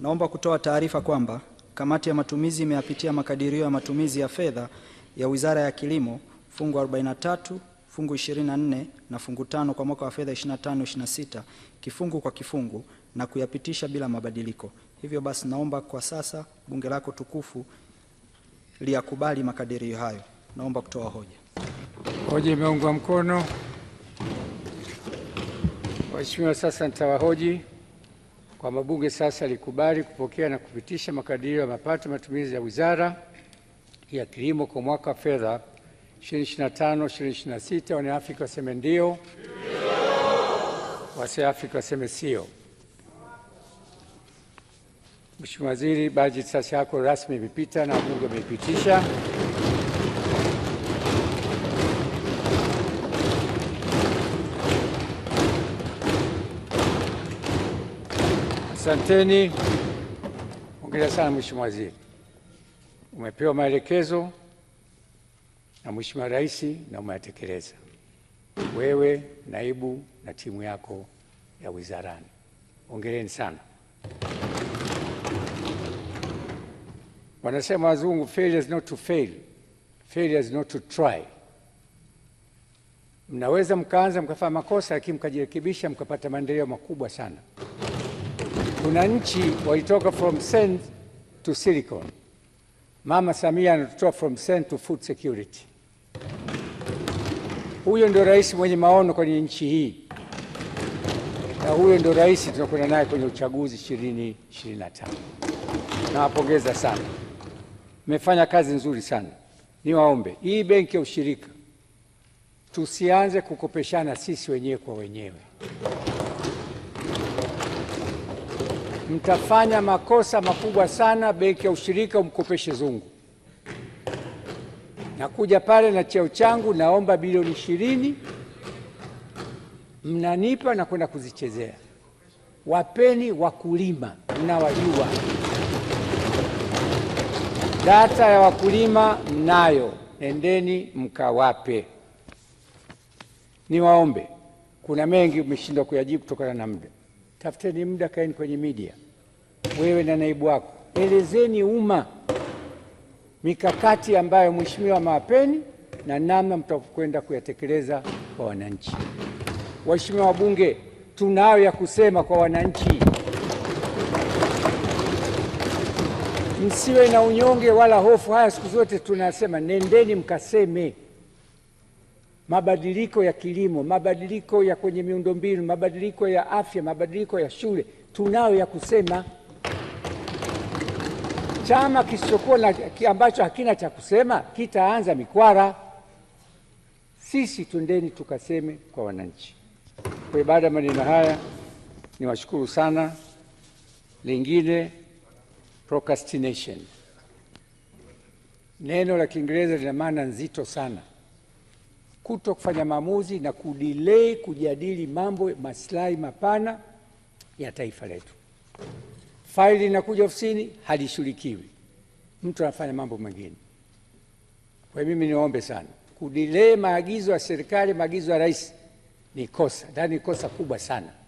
Naomba kutoa taarifa kwamba kamati ya matumizi imeyapitia makadirio ya matumizi ya fedha ya Wizara ya Kilimo fungu 43 fungu 24 na fungu tano kwa mwaka wa fedha 25/26 kifungu kwa kifungu na kuyapitisha bila mabadiliko. Hivyo basi, naomba kwa sasa bunge lako tukufu liyakubali makadirio hayo. Naomba kutoa hoja. Hoja imeungwa mkono. Waheshimiwa, sasa nitawahoji kwa mabunge sasa likubali kupokea na kupitisha makadirio ya mapato matumizi ya Wizara ya Kilimo kwa mwaka wa fedha 2025/2026. Afrika waseme ndio, Afrika waseme sio. Mheshimiwa Waziri, bajeti sasa yako rasmi imepita na wabunge wameipitisha. Asanteni. Hongera sana Mheshimiwa Waziri, umepewa maelekezo na Mheshimiwa Rais na umeyatekeleza wewe, naibu na timu yako ya wizarani. Hongereni sana. Wanasema wazungu, failure is not to fail, failure is not to try. Mnaweza mkaanza mkafanya makosa, lakini mkajirekebisha mkapata maendeleo makubwa sana kuna nchi walitoka from sand to silicon. Mama Samia anatutoa from sand to food security. Huyo ndio rais mwenye maono kwenye nchi hii, na huyo ndio rais tunakwenda naye kwenye uchaguzi 2025. Nawapongeza sana, mmefanya kazi nzuri sana. Niwaombe hii benki ya ushirika tusianze kukopeshana sisi wenyewe kwa wenyewe mtafanya makosa makubwa sana. Benki ya ushirika umkopeshe zungu, nakuja pale na cheo changu, naomba bilioni ishirini, mnanipa na kwenda kuzichezea. Wapeni wakulima, mnawajua data ya wakulima mnayo, endeni mkawape. Niwaombe, kuna mengi umeshindwa kuyajibu kutokana na muda tafuteni muda, kaeni kwenye media, wewe na naibu wako, elezeni umma mikakati ambayo mheshimiwa Mapeni na namna mtakwenda kuyatekeleza kwa wananchi. Waheshimiwa wabunge, tunayo ya kusema kwa wananchi, msiwe na unyonge wala hofu. Haya siku zote tunasema, nendeni mkaseme mabadiliko ya kilimo, mabadiliko ya kwenye miundombinu, mabadiliko ya afya, mabadiliko ya shule, tunayo ya kusema. Chama kisichokuwa na ambacho hakina cha kusema kitaanza mikwara. Sisi twendeni tukaseme kwa wananchi. Kwa baada ya maneno haya, niwashukuru sana. Lingine, procrastination, neno la Kiingereza lina maana nzito sana kuto kufanya maamuzi na kudilei kujadili mambo maslahi mapana ya taifa letu. Faili linakuja ofisini halishughulikiwi, mtu anafanya mambo mengine. Kwa mimi niombe sana, kudilei maagizo ya serikali, maagizo ya rais ni kosa, ndani ni kosa kubwa sana.